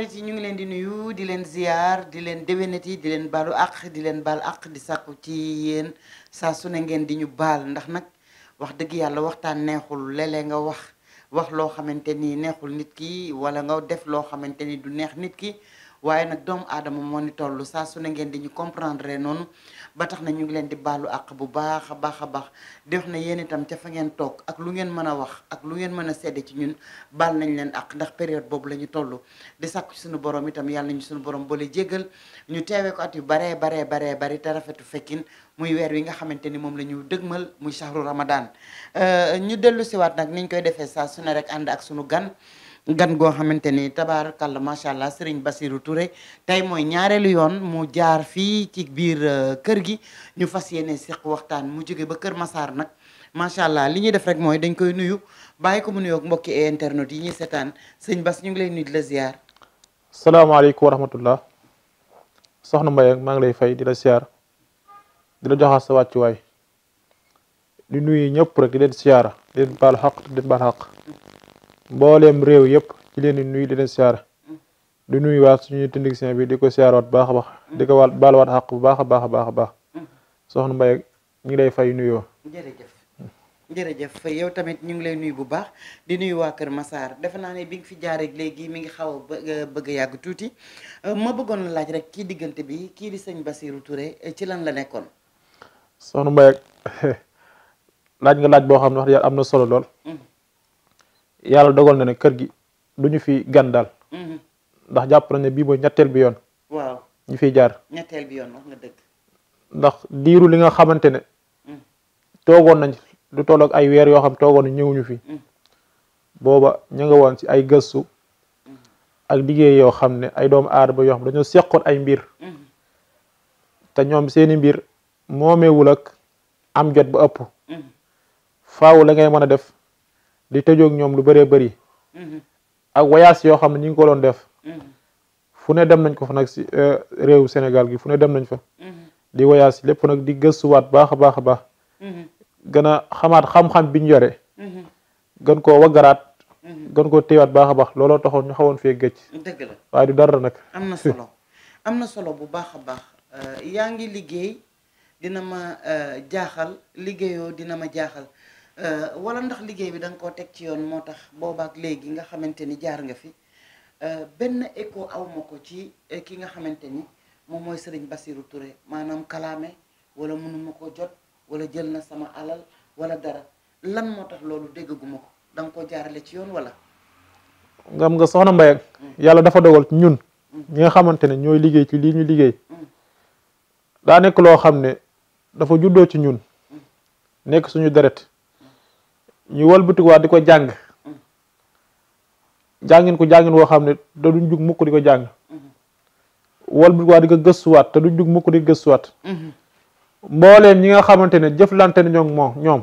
xarit yi ñu ngi leen di nuyu di leen ziar di leen déwénati di leen baalu àq di leen baal àq di sàqu ci yéen saa su ne ngeen di ñu baal ndax nag wax dëgg yàlla waxtaan neexul léeg nga wax wax loo xamante ni neexul nit ki wala nga def loo xamante ni du neex nit ki waaye nag doomu aadama moo ni toll saa su ne ngeen di ñu comprendre noonu ba tax na ñu ngi leen di baalu àq bu baax a baax a baax di wax ne yéen itam ca fa ngeen toog ak lu ngeen mën a wax ak lu ngeen mën a sedde ci ñun baal nañ leen àq ndax période boobu la ñu toll di sàkku suñu borom itam yàlla ñu suñu borom boole jéggal ñu teewee ko at yu baree baree baree bari te rafetu fekkin muy weer wi nga xamante ni moom la ñu dëgmal muy sahru ramadan euh, ñu dellu siwaat nag niñ koy defee saa su ne rek ànd ak suñu gan gan goo xamante ni tabaarakalla macha allah Serigne Bassirou Touré tey mooy ñaareelu yoon mu jaar fii ci biir euh, kër gi ñu fas yéene seq waxtaan mu jóge ba Kër masaar nag macha allah li ñuy def rek mooy dañ koy nuyu bàyyi ko mu nuyook mbokki et internet yi ñuy seetaan sëñ bas ñu ngi lay nuyu di la ziar. salaamaaleykum wa rahmatullah soxna Mbaye maa ngi lay fay di la ziar di la joxaat sa wàccuwaay di nuyu ñëpp rek di leen ziar baal xaq di leen baal xaq. mbooleem réew yëpp ci leen di nuyu di leen siyaar di nuyu waat suñuy technicien bi di ko siyaarwaat baax a baax di ko waat baal waat xaq bu baax a baax baax baax soxna Mbaye ñu ngi lay fay nuyoo jërëjëf jërëjëf yow tamit ñu ngi lay nuyu bu baax di nuyu waa Kër Massar defe naa ne bi nga fi jaaree léegi mi ngi xaw a euh, bëgg yàgg tuuti euh, ma bëggoon la laaj rek kii diggante bi kii di sëñ Basirou Touré euh, ci lan la nekkoon. soxna Mbaye laaj nga laaj boo xam ne wax dëgg yàlla am na solo lool. Mm-hmm. yàlla dogal na ne kër gi du ñu fi gan daal. Mhm. ndax jàpp nañ ne bii mooy ñetteel bi yoon. ñu fi jaar. ñetteel ndax diiru li nga xamante ne. Mhm. toogoon nañ lu tolook ay weer yoo xam toogoon nañ ñëwuñu fi. Mhm. booba ñu nga woon ci ay gëstu. ak liggéey yoo xam ne ay doomu aadama yoo xam dañoo seqoon ay mbir. te ñoom seeni mbiir moomeewul ak am jot ba ëpp. faaw la ngay mën a def. di tëjoog ñoom lu bëree bëri mhm. ak voyage yoo xam ne ñu ko doon def mhm. fu ne dem nañ ko fa nag si euh, réew Sénégal gi fu ne dem nañ fa mhm. di voyage lépp nag di gëstuwaat baax a baax a baax gën a xamaat xam-xam bi ñu yore gën koo waggaraat gën koo téewaat baax a baax looloo taxoon ñu xawoon fee gëcc dëgg la waaye du dara nag am na solo am na solo bu baax a baax euh, yaa ngi liggéey dina ma euh, jaaxal liggéeyoo dina ma jaaxal Euh, wala ndax liggéey bi da nga koo teg ci yoon moo tax boobaak léegi nga xamante ni jaar nga fi euh, benn eko awma ko ci euh, ki nga xamante ni moom mooy Serigne Bassirou Touré maanaam kalaame wala mënuma ko jot wala jël na sama alal wala dara lan moo tax loolu déggaguma ko da nga koo jaarale ci yoon wala. ngam nga soxna Mbaye mm. yàlla dafa dogal ñun. Mm. ñi nga xamante ne ñooy liggéey ci lii ñu liggéey. Mm. daa loo xam ne dafa juddoo ci ñun. nekk suñu deret ñu wëlbatikuwaat di ko jàng jàngin ko jàngin woo xam ne te duñ jug mukk di ko jàng wëlbatikuwaat di ko gëstuwaat te duñ jug mukk di gëstuwaat mbooleem ñi nga xamante ne jëflante nañu ak moom ñoom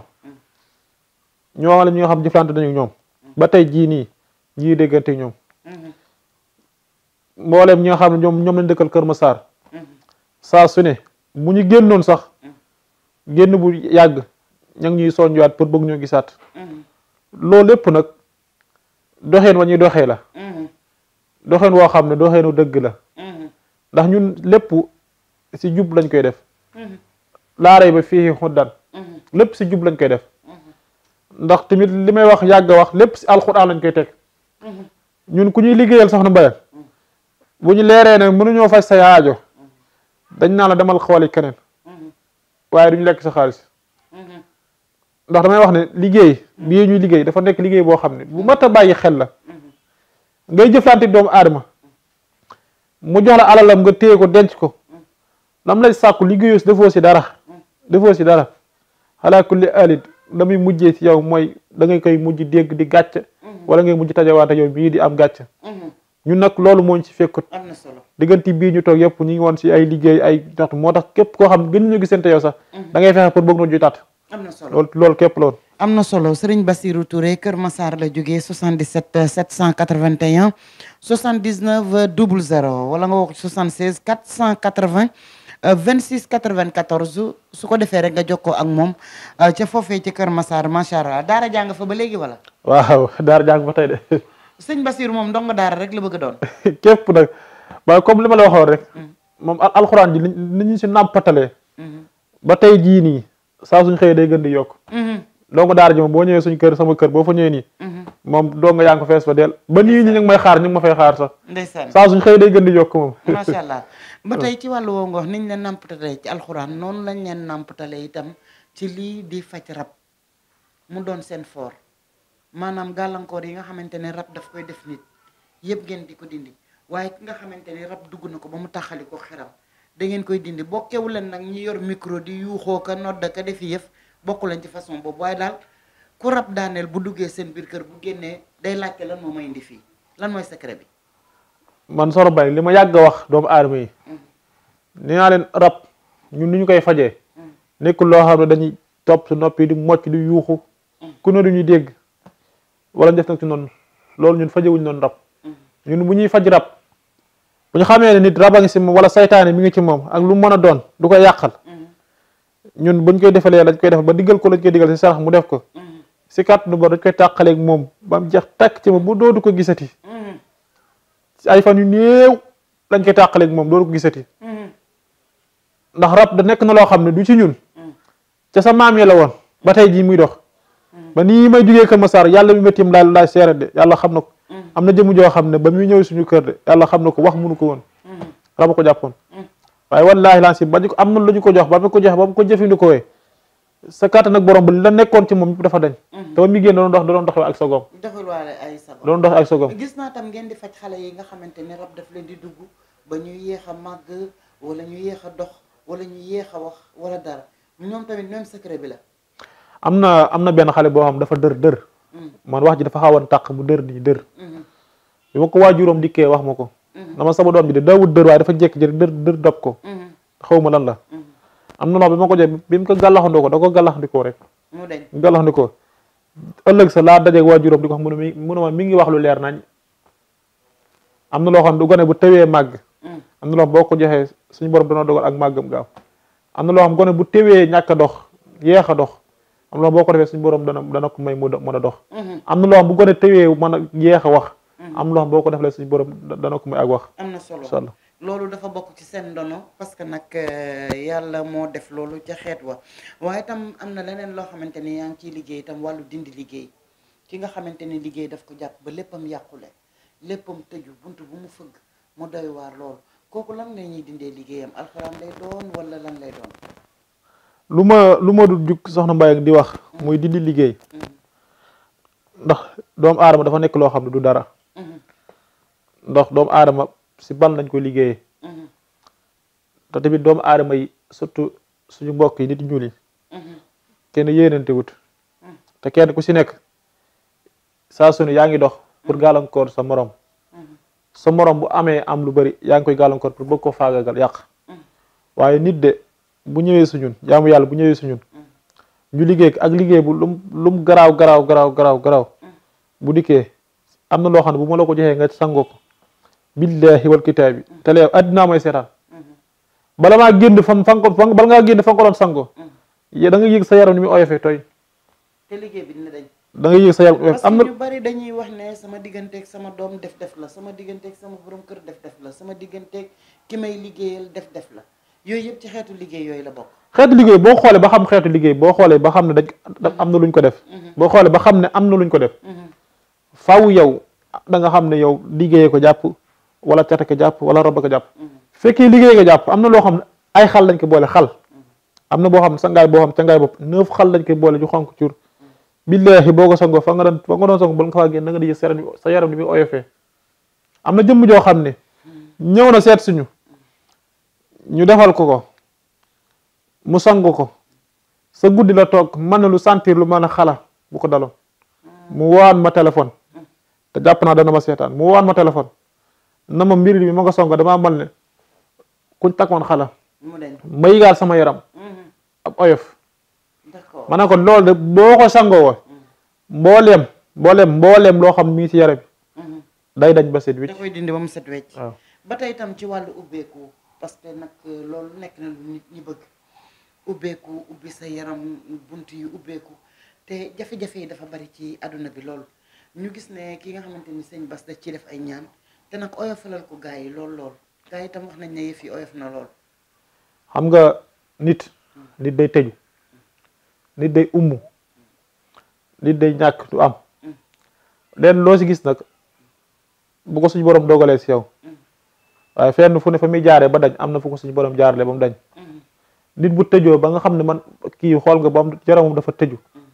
ñoo la ñi nga xam jëflante nañu ba tey jii nii ñii déggante ñoom mbooleem ñi nga xam ne ñoom ñoom lañ dëkkal Kër Massar saa su ne bu ñu génnoon sax génn bu yàgg ña ngi ñuy soññuwaat pour bëgg ñoo gisaat mhm. loolu lépp nag doxeen wa ñuy doxee la mhm. doxeen woo xam ne doxeenu dëgg la mhm. ndax ñun lépp si jub lañ koy def laaray ba fii xuddan lépp si jub lañ koy def ndax tamit li may wax yàgg wax lépp si alxuraan lañ koy teg ñun ku ñuy liggéeyal soxna Mbayang bu ñu leeree ne mënuñoo faj sa aajo dañ naa la demal xooli keneen waaye duñu lekk sa xaalis ndax damay wax ne liggéey bii ñuy liggéey dafa nekk liggéey boo xam ne bu mat a bàyyi xel la ngay jëflante doomu aadama mu jox la alalam nga téye ko denc ko lam lay sàkku liggéeyoo si defoo si dara defoo si dara xalaa kulli alit la muy mujjee si yow mooy da ngay koy mujj dégg di gàcc wala ngay mujj tajawaate yow bii di am gàcc ñun nag loolu moo ñu si fekkut diggante bii ñu toog yëpp ñu ngi woon si ay liggéey ay naxtu moo tax képp koo xam gën ñu gisante yow sax mm-hmm. da ngay fexe pour bëgg am na solo loolu loolu képp loolu. am na solo Serigne Bassirou Touré Kër Massar la jógee 77 781 79 00 wala nga wax 76 480 26 94 su ko defee rek nga jokkoo ak moom euh, ca foofee ci Kër masaar macha allah Daara jàng fa ba léegi wala. waaw Daara jàng fa tey de. sëñ Bassirou moom ndongo Daara rek la bëgg a doon. képp nag waaye comme li ma la waxoon rek. Mm. moom alxuraan ji ni si nàmpatalee. Mm-hmm. saa suñ xëyee day gën di yokk mhm. doomu daara ji moom boo ñëwee suñ kër sama kër boo fa ñëwee nii mhm. moom doo nga yaa ngi fees ba deel ba nii ñi ñu ngi may xaar ñu ngi ma fay xaar sax ndeysaan saa suñ xëy day gën di yokk moom macha allah ba tey ci wàllu woo nga niñ leen nàmpatalee ci alxuraan noonu lañ leen nàmpatalee itam ci lii di faj rab mu doon seen foor maanaam gàllankoor yi nga xamante ne rab daf koy def nit yëpp ngeen di ko dindi waaye ki nga xamante ne rab dugg na ko ba mu taxali ko xeram da ngeen koy dindi bokkewu leen nag ñu yor micro di yuuxoo ka nodda ka defi yëf bokku leen ci façon boobu waaye daal ku rab daaneel bu duggee seen biir kër bu génnee day laajte lan moo may indi fii lan mooy secret bi. man Soxna Mbaye li ma yàgg a wax doomu aadama yi. nee mm. naa leen rab ñun ni ñu koy faje mm. nekkul loo xam ne dañuy topp su noppi di mocc di yuuxu. Mm. ku ne ñuy dégg. wala ñu def noonu loolu ñun fajewuñ noonu rab. ñun bu ñuy faj rab. bu ñu xamee ne nit raba ngi si moom wala seytaane mi ngi ci moom ak lu mën a doon du ko yàqal mm-hmm. ñun buñ koy defalee lañ koy def ba diggal ko lañ koy diggal si sarax mu def ko si nu ba dañ koy tàqaleeg moom ba mu jeex tàkk ci moom bu doodu ko gisati si mm-hmm. ay yu néew koy tàqaleeg moom doodu ko mm-hmm. ndax rab da nekk na loo xam ne du ci ñun ca sa maam yi la woon ba tey jii muy dox ba nii may jugee Kër Massar yàlla mu méttiim laay laay seere de yàlla xam na ko am na jëmu joo xam ne ba muy ñëw suñu kër de yàlla xam na ko wax mënu ko woon mm-hmm. raba ko jàppoon mm-hmm. waaye wallaahi lan si ba ñu ko am na lu ñu ko jox ba mu ko jox ba mu ko jëfandikoo sa kàttan nag borom ba la nekkoon ci moom dafa dañ mm-hmm. te ba muy génn doon dox doon dox ak sagom doxulwaale ay sagom doon dox gis naa tam ngeen di faj xale yi nga xamante ne rab daf leen di dugg ba ñu yéex a màgg wala ñu yéex a dox wala ñu yéex a wax wala dara ñoom tamit même secret bi la am na am na benn xale boo xam dafa dër dër man wax ji dafa xawoon tàq mu dër nii dër bi ma ko waajuram dikkee wax ma ko na ma sama doom bi de daawut dër waaye dafa jékki-jékki dër dër ko xaw ma lan la am na loo bi ma ko jox bi mu ko gàllaxandoo ko da ko gàllaxandikoo rek gàllaxandikoo ëllëg sa laa dajeeg waajuram di ko wax mu ne mi mu ne mi ngi wax lu leer nañ na loo du gone bu tewee màgg am na loo xam boo ko joxee suñu borom dana dogal ak màggam gaaw am na loo xam gone bu tewee ñàkk a dox yeex a dox am loo boo ko defee suñu borom dana dana ko may mu mën a dox mhm. am na loo xam bu gone tëwee mën a yeex a wax mhm. am loo boo ko defalee suñu borom dana ko may ak wax am na solo loolu dafa bokk ci seen ndono parce que nag euh, yàlla moo def loolu ca xeet wa waaye tam am na leneen loo xamante ni yaa ngi ciy liggéey tam wàllu dindi liggéey ki nga xamante ni liggéey daf ko jàpp ba léppam yàqule léppam tëju bunt bu mu fëgg mu doy waar loolu kooku lan la ñuy dindee liggéeyam alxuraan lay doon wala lan lay doon lu ma lu ma dul jug soxna Mbaye di wax muy dindi liggéey ndax doomu aadama dafa nekk loo xam ne du dara ndox doomu aadama si ban lañ ko liggéeyee te tamit doomu aadama yi surtout suñu mbokk yi nit ñuul yi kenn yéenante wut te kenn ku si nekk saa su yaa ngi dox pour gàllankoor sa morom sa morom bu amee am lu bari yaa ngi koy gàllankoor pour koo ko faagagal yàq waaye nit de bu ñëwee su ñun jaamu yàlla bu ñëwee su ñun ñu liggéey ak liggéey bu lum lum garaaw garaaw garaaw garaaw garaaw bu dikkee am na loo xam ne bu ma la ko joxee nga sangoo ko billaahi wal kitaabi te lee addinaa mooy seetaan bala maa génn fan fan ko fan bala ngaa génn fan ko doon sangoo yéen da nga yëg sa yaram ni mu oyofee tooy te liggéey bi yëg sa yaram oyof am na ñu bari dañuy wax ne sama digganteeg sama doom def def la sama digganteeg sama borom kër def def la sama digganteeg ki may liggéeyal def def la yooyu yëpp ci xeetu liggéey yooyu la bokk. xeetu liggéey boo xoolee ba xam xeetu liggéey boo xoolee ba xam ne dañ am na luñ ko def. Mm-hmm. boo xoolee ba xam ne am na luñ ko def. Mm-hmm. faaw yow da nga xam ne yow liggéeyee ko jàpp wala cate ko jàpp wala roba ko jàpp. Mm-hmm. fekkee liggéey nga jàpp am na loo xam ne ay xal lañ ko boole xal. am na boo xam ne sangaay boo xam sangaay bopp neuf xal lañ koy boole ju xonk cuur. billaahi boo ko sangoo fa nga doon fa nga doon sangoo bala nga faa génn na nga di sa yaram sa ni muy oyofee. am na jëmm joo xam ne ñëw na seet suñu ñu defal ko ko mu sangu ko sa guddi la toog man na lu santir lu mën a xalaa bu ko daloon mu waan ma téléphone te jàpp naa dana ma seetaan mu waan ma téléphone na ma mbir mi ma nga songo damaa mel ne kuñ takkoon xala ma yëgaal sama yaram ab oyof ma ne ko loolu de boo ko sangoo wa mbooleem mbooleem mbooleem loo xam mi ngi ci yaram bi mhm. day dañ ba set wecc da dindi ba ba tey ci wàllu parce que nag euh, loolu nekk na lu nit ñi bëgg ubbeeku ubbi sa yaram bunt yu ubbeeku te jafe-jafe yi dafa bari ci àdduna bi loolu ñu gis ne ki nga xamante ni sëñ Bas da ciy def ay ñaan te nag oyofalal ko gaa yi lool lool gaa yi tam wax nañ ne yëf yi oyof na lool. xam nga nit. nit day tëju. nit day ummu. nit day ñàkk du am. Mm. leen loo si gis nag bu ko suñu borom dogalee si yow. Mm. waaye fenn fu ne fa muy jaaree ba dañ am na fu ko suñu borom jaarale ba mu dañ mm-hmm. nit bu tëjoo ba nga xam ne man kii xool nga ba am dafa tëju mm-hmm.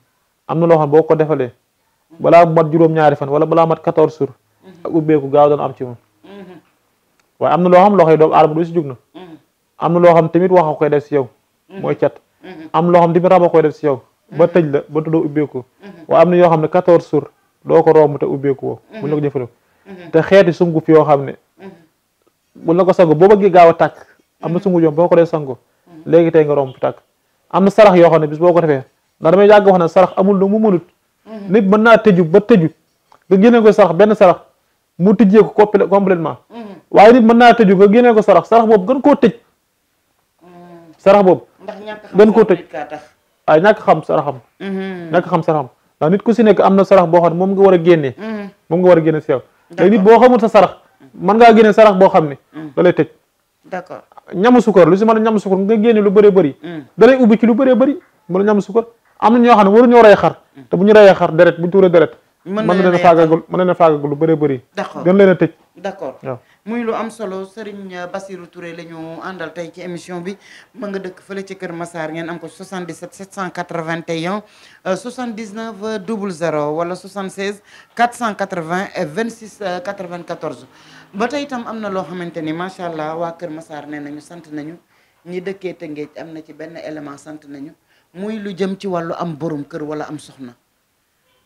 am na loo xam boo ko defalee mm-hmm. balaa mat juróom-ñaari fan wala balaa mat quatorze jours ak ubbeeku gaaw dana am ci moom am na loo xam loxo yi doomu aadama du si jug na am na loo xam tamit wax a koy def si yow mooy cat am loo xam tamit rab a koy def si yow ba tëj la ba tuddoo ubbeeku waaye am na yoo xam ne quatorze jours doo ko romb te ubbeeku woo bu ñu la te xeeti sunguf yoo xam ne mun na ko sangu boo bëggee gaaw a tàkk am na mm. sungu yoom boo ko dee sangu mm. léegi te nga romb tàkk am na sarax yoo xam ne bis boo ko defee ndax damay yàgg wax ne sarax amul lu mu mënut mm-hmm. nit mën naa tëju ba tëju nga génne ko sarax benn sarax mu tijjee ko complètement mm-hmm. waaye nit mën naa tëju nga génne ko sarax sarax boobu gën koo tëj mm. sarax boobu gën koo tëj waaye ñàkk xam saraxam mm-hmm. ñàkk xam saraxam ndax nit ku si nekk am na sarax boo xam ne moom nga war a génnee moom nga war a génne si nit boo xamul sa sarax mën ngaa génne sarax boo xam ne mm. da lay tëj d'accord ñamu sukar lu si mën a ñamu sukar nga génne lu bëree bëri mm. da ubbi ci lu bëree bëri mën a ñamu sukar am na ñoo xam ne waruñoo rey xar mm. te bu ñu reyee xar deret bu ñu tuuree deret mën na leen a faagagul mën na lu bëree bëri d'accord gën a tëj d'accord lu am solo Serigne Bassirou Touré la ñu àndal tey ci émission bi ma nga dëkk fële ci Kër Massar ngeen am ko 77 781 79 00 wala 76 480 26 94 ba tey itam am na loo xamante ni macha allah waa Kër Massar nee nañu sant nañu ñi dëkkee Tëngéej am na ci benn élément sant nañu muy lu jëm ci wàllu am borom kër wala am soxna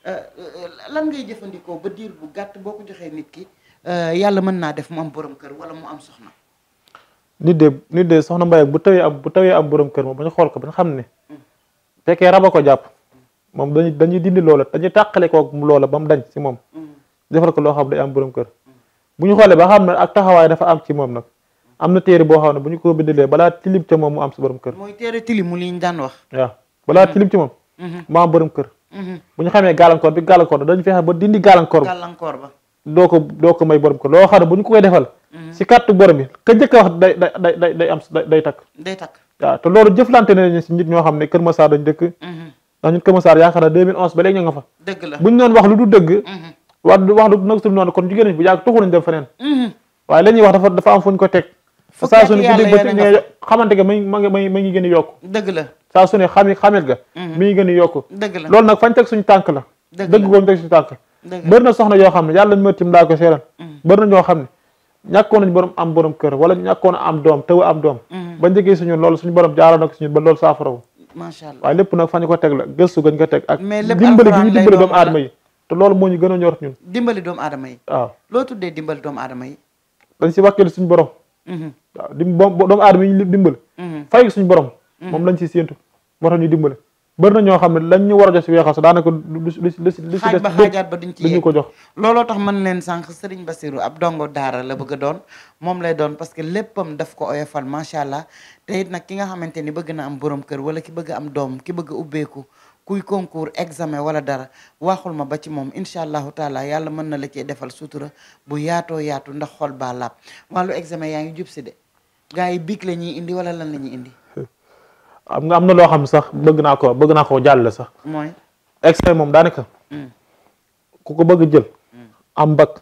euh, euh, lan ngay jëfandikoo ba diir bu gàtt boo ko joxee nit ki euh, yàlla mën naa def mu am borom kër wala mu am soxna. nit de nit de soxna mbay bu tawee ab bu tawee ab borom kër moom ba ñu xool ko ba xam ne. fekkee raba ko jàpp. moom dañuy dañuy dindi loola dañuy tàqale koog loola ba mu dañ ci moom. Mm. defar ko loo xam day am borom kër. bu ñu xoolee ba xam ne ak taxawaay dafa am ci moom nag am na téere boo xam ne bu ñu ko bindalee balaa tilim ca moom mu am sa borom kër. mooy téere tilim mu li balaa mm-hmm. tilim ci moom. Mm-hmm. mu am borom kër. Mm-hmm. bu ñu xamee gàllankoor bi gàllankoor dañu fexe ba dindi gàllankoor ba. doo ko doo ko may borom kër loo xam ne bu ñu koy defal. si kàttu borom bi ka njëkk a wax day day day day takk. day te loolu jëflante nañu si nit ñoo xam ne Kër Masar dañu dëkk. ndax ñun Kër Masar yaakaar naa 2011 ba léegi ñu nga fa. bu ñu doon wax wax du nag suñu noonu kon jigéen ñi bu yàgg tuxu nañ dem feneen mhm. waaye la ñuy wax dafa dafa am fuñ ko teg saa su ne ci dégg bët nga xamante nga may ma a yokk dëgg la saa su ne xam xamet ga mhm. mi ngi gën a teg la dëgg goom teg suñu tànk bëri soxna yoo xam ne yàlla mërtim laa ko seeran mhm. bëri na ñoo xam ne ñàkkoon nañ am borom kër wala ñàkkoon am doom taw am doom ba njëkkee suñu loolu suñu borom jaaroo ko suñu ba loolu saafarawu waaye lépp nag fañ ko teg la gëstu gañ ko teg ak dimbali gi yi te loolu moo ñu gën a ñor ñun. dimbali doomu aadama yi. loo tuddee dimbali doomu aadama yi. dañ si wàkkeelu suñu borom. Mm-hmm. waaw di doomu aadama yi ñu dimbal. Mm-hmm. fay borom. Mm-hmm. moom lañ si séentu moo tax ñu dimbali. bari na ñoo xam ne lañ ñu war a jox si weexal sax daanaka lu si ba xaajaat ba duñ ci ko jox. looloo tax man leen sànq Serigne Bassirou ab dongo daara la bëgg a doon moom lay doon parce que léppam daf ko oyofal macha allah te it nag ki nga xamante ni bëgg na am borom kër wala ki bëgg am doom ki bëgg ubbeeku kuy concours examen wala dara waxul ma ba ci moom incha allahu taala yàlla man na la cee defal sutura bu yaatoo yaatu ndax xool baa laab wàllu examen yaa ngi jub si de gaa yi bic la ñuy indi wala lan la ñuy indi. am nga am na loo xam sax bëgg naa ko bëgg naa ko jàll sax. mooy examen moom daanaka. Mm. ku ko bëgg jël. Mm. am bac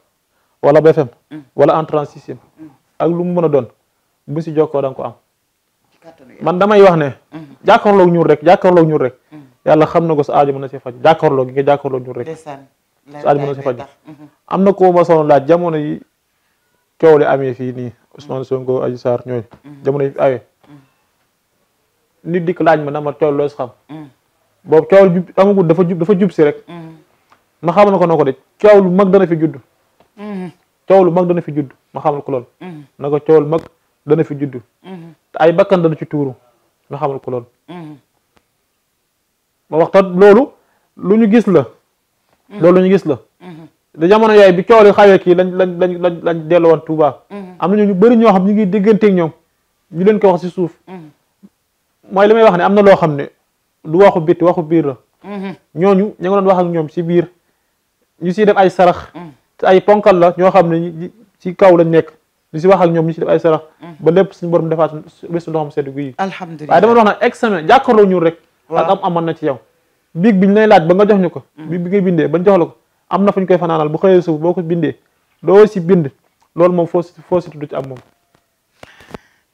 wala BFM. Mm. wala en transition. ak lu mu mën a doon bu si jokkoo da ko am. man damay wax ne. jàkkaarloog ñuul rek rek. yàlla xam na ko sa aajo mën na si faj jàkkaarloo gi nga jàkkaarloo ñun rek sa aajo mën na si faj am na ko ma sonn laaj jamono yi coow li amee fii nii Ousmane Sonko Adji Sarr ñooñu mm-hmm. jamono yi fi awee mm-hmm. nit dikk laaj ma na ma coow loo si xam mm-hmm. boobu coow jub amagul dafa jub dafa jub si rek ma xamal na ko na ko de coow lu mag dana fi judd coow lu mag dana fi judd ma xamal ko lool na ko coow lu mag dana fi judd te ay bakkan dana ci tuuru ma xamal ko lool ba waxta loolu lu ñu gis la. Mm-hmm. loolu lu ñu gis la. da mm-hmm. jamono yooyu bi coow li xawee kii lañ lañ lañ lañ lañ delloo woon Touba. Mm-hmm. am na ñu bëri ñoo xam ñu ngi dégganteeg ñoom ñu leen ko wax si suuf. mooy li may wax ne am na loo xam ne lu waxu bitti waxu biir la. ñooñu ñu nga doon wax ak ñoom si biir ñu siy def ay sarax. te ay ponkal la ñoo xam ne ci kaw la nekk ñu si wax ak ñoom ñu si def ay sarax. ba lépp suñu borom defaat su weesu ndoxam sedd guy. alhamdulilah dama doon wax nag examen jàkkaarloo ñuul rek. ak am amoon na ci yow biig biñ lay laaj ba nga jox ñu ko mm. biig bi ngay bindee bañ jox ko am na fu ñu koy fanaanal bu xëyee suuf boo ko bindee doo si bind loolu moom foo foo si tudd ci am moom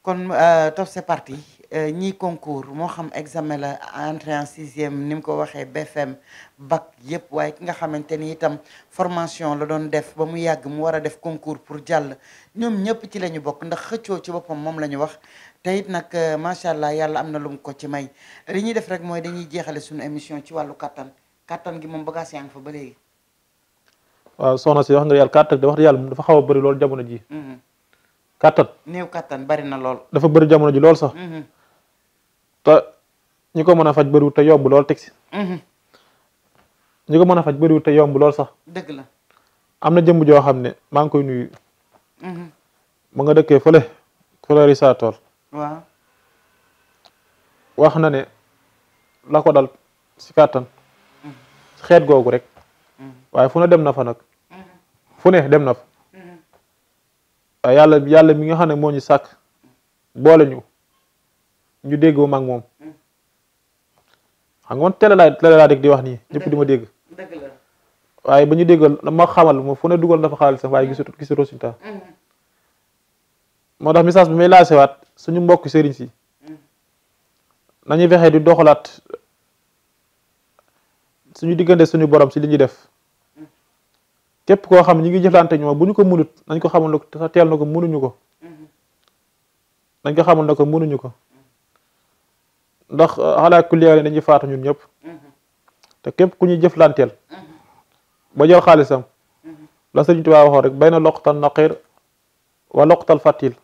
kon euh, tof c'est parti euh, ñii concours moo xam examen la entrée en sixième ni mu ko waxee BFM bac yëpp waaye ki nga xamante ni itam formation la doon def ba mu yàgg mu war a def concours pour jàll ñoom ñëpp ci la ñu bokk ndax xëccoo ci boppam moom la ñu wax te it nag euh, macha allah yàlla am na lum ko ci may li ñuy def rek mooy dañuy jeexale suñu émission ci wàllu kattan kattan gi moom bagaas yaa ba léegi. si wax nga yàlla kattan wax dafa xaw a bëri lool jamono ji. Mm-hmm. kattan bari na lool. dafa bëri jamono ji lool sax. Mm-hmm. ko mën a faj bëriwul te yomb lool teg mm-hmm. ko mën a faj bëriwul te lool sax. dëgg la am na jëmm joo xam ne maa ngi koy nuyu. ma nga dëkkee fële fële risaatool waaw wax na ne la ko dal si kàttan mm-hmm. xeet googu rek mm-hmm. waaye fu ne dem na fa nag mm-hmm. fu ne dem na fa waaye yàlla yàlla mi nga xam ne moo ñu sàkk boole ñu ñu déggoo mag moom xam nga man télé laa di wax nii ñëpp di ma dégg waaye ba ñu déggal ma xamal moom fu ne dugal na fa xaalisam waaye gisut gisut résultat moo tax message bi may lancé waat suñu mbokk sëriñ si nañu fexe di doxalaat suñu diggante suñu borom si lañuy def képp koo xam ñu ngi jëflante ñoom bu ñu ko mënut nañ ko xamul ne teel na ko mënuñu ko nañ ko xamul ne ko mënuñu ko ndax xalaa ku leer dañuy faatu ñun ñëpp képp ku ñuy jëflanteel ba jël xaalisam la sëriñ Tuubaa waxoon rek bay na loqtal naqir wa loqtal fatil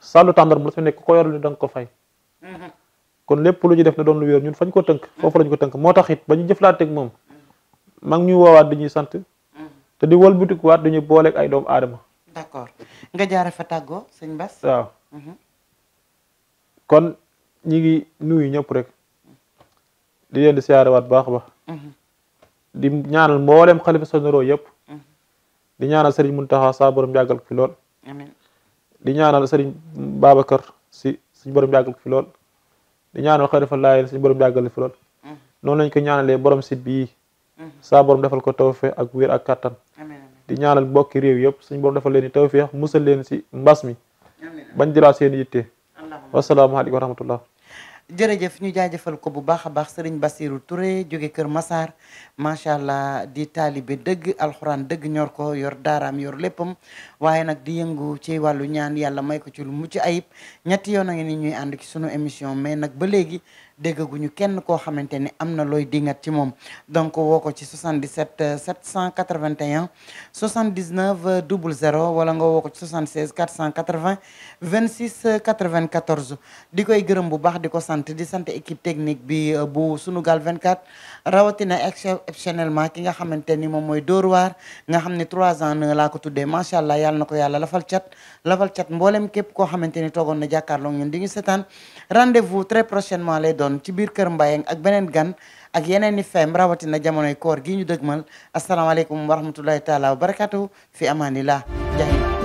sàllu tàndar bu la fi nekk ko yorul ni da nga ko fay mhm. kon lépp lu ñu def na doon lu wér ñun fañ ko tënk mhm. foofu lañ ko tënk moo tax it ba ñu jëflanteeg moom maa ngi ñuy woowaat di ñuy sant mhm. te di wëlbatikuwaat di ñu booleeg ay doomu aadama. d'accord nga jaare fa tàggoo sëñ Bass. waaw kon ñi ngi nuyu ñëpp rek di leen di siyaarewaat baax ba di ñaanal mboolem xalifa sonoro yëpp. di ñaanal Serigne Mountakha saa borom yàggal fi lool. di ñaanal sëriñ Babacar si suñu borom yàggal ko fi lool di ñaanal xalifa laay suñu borom yàggal fi mm-hmm. noonu lañ ko ñaanalee borom sit bii mm-hmm. saa borom defal ko tawfeex ak wér ak kattan di ñaanal mbokki réew yëpp suñu borom defal leen i tawfeex musal leen si mbas mi bañ jëlaat seen yitte wasalaamaaleykum wa rahmatullah jërëjëf ñu jaajëfal ko bu baax a baax Serigne Bassirou Touré jóge Kër Massar macha allah di taalibe dëgg alxuraan dëgg ñor ko yor daaram yor léppam waaye nag di yëngu ci wàllu ñaan yàlla may ko ci lu mucc ayib ñetti yoon a ngi ni ñuy ànd ci sunu émission mais nag ba léegi. déggaguñu kenn koo xamante ni am na looy dingat ci moom donc woo ko ci 77 781 79 00 wala nga woo ko ci 76 480 26 94 di koy gërëm bu baax di ko sant di sant équipe technique bi euh, bu Sunugal 24 rawatina exceptionnellement ki nga xamante ni moom mooy Dóor waar nga xam ni 3 ans na laa ko tuddee macha allah yal na ko yàlla lafal cat lafal cat mboolem képp koo xamante ni toogoon na jàkkaarloo ñun di ñu doon ci biir kër Mbayang ak beneen gan ak yeneen i feem rawatina jamonoy koor gi ñu dëgmal asalaamaaleykum wa rahmatullahi taala wa barakatuh fi amaanillah jahi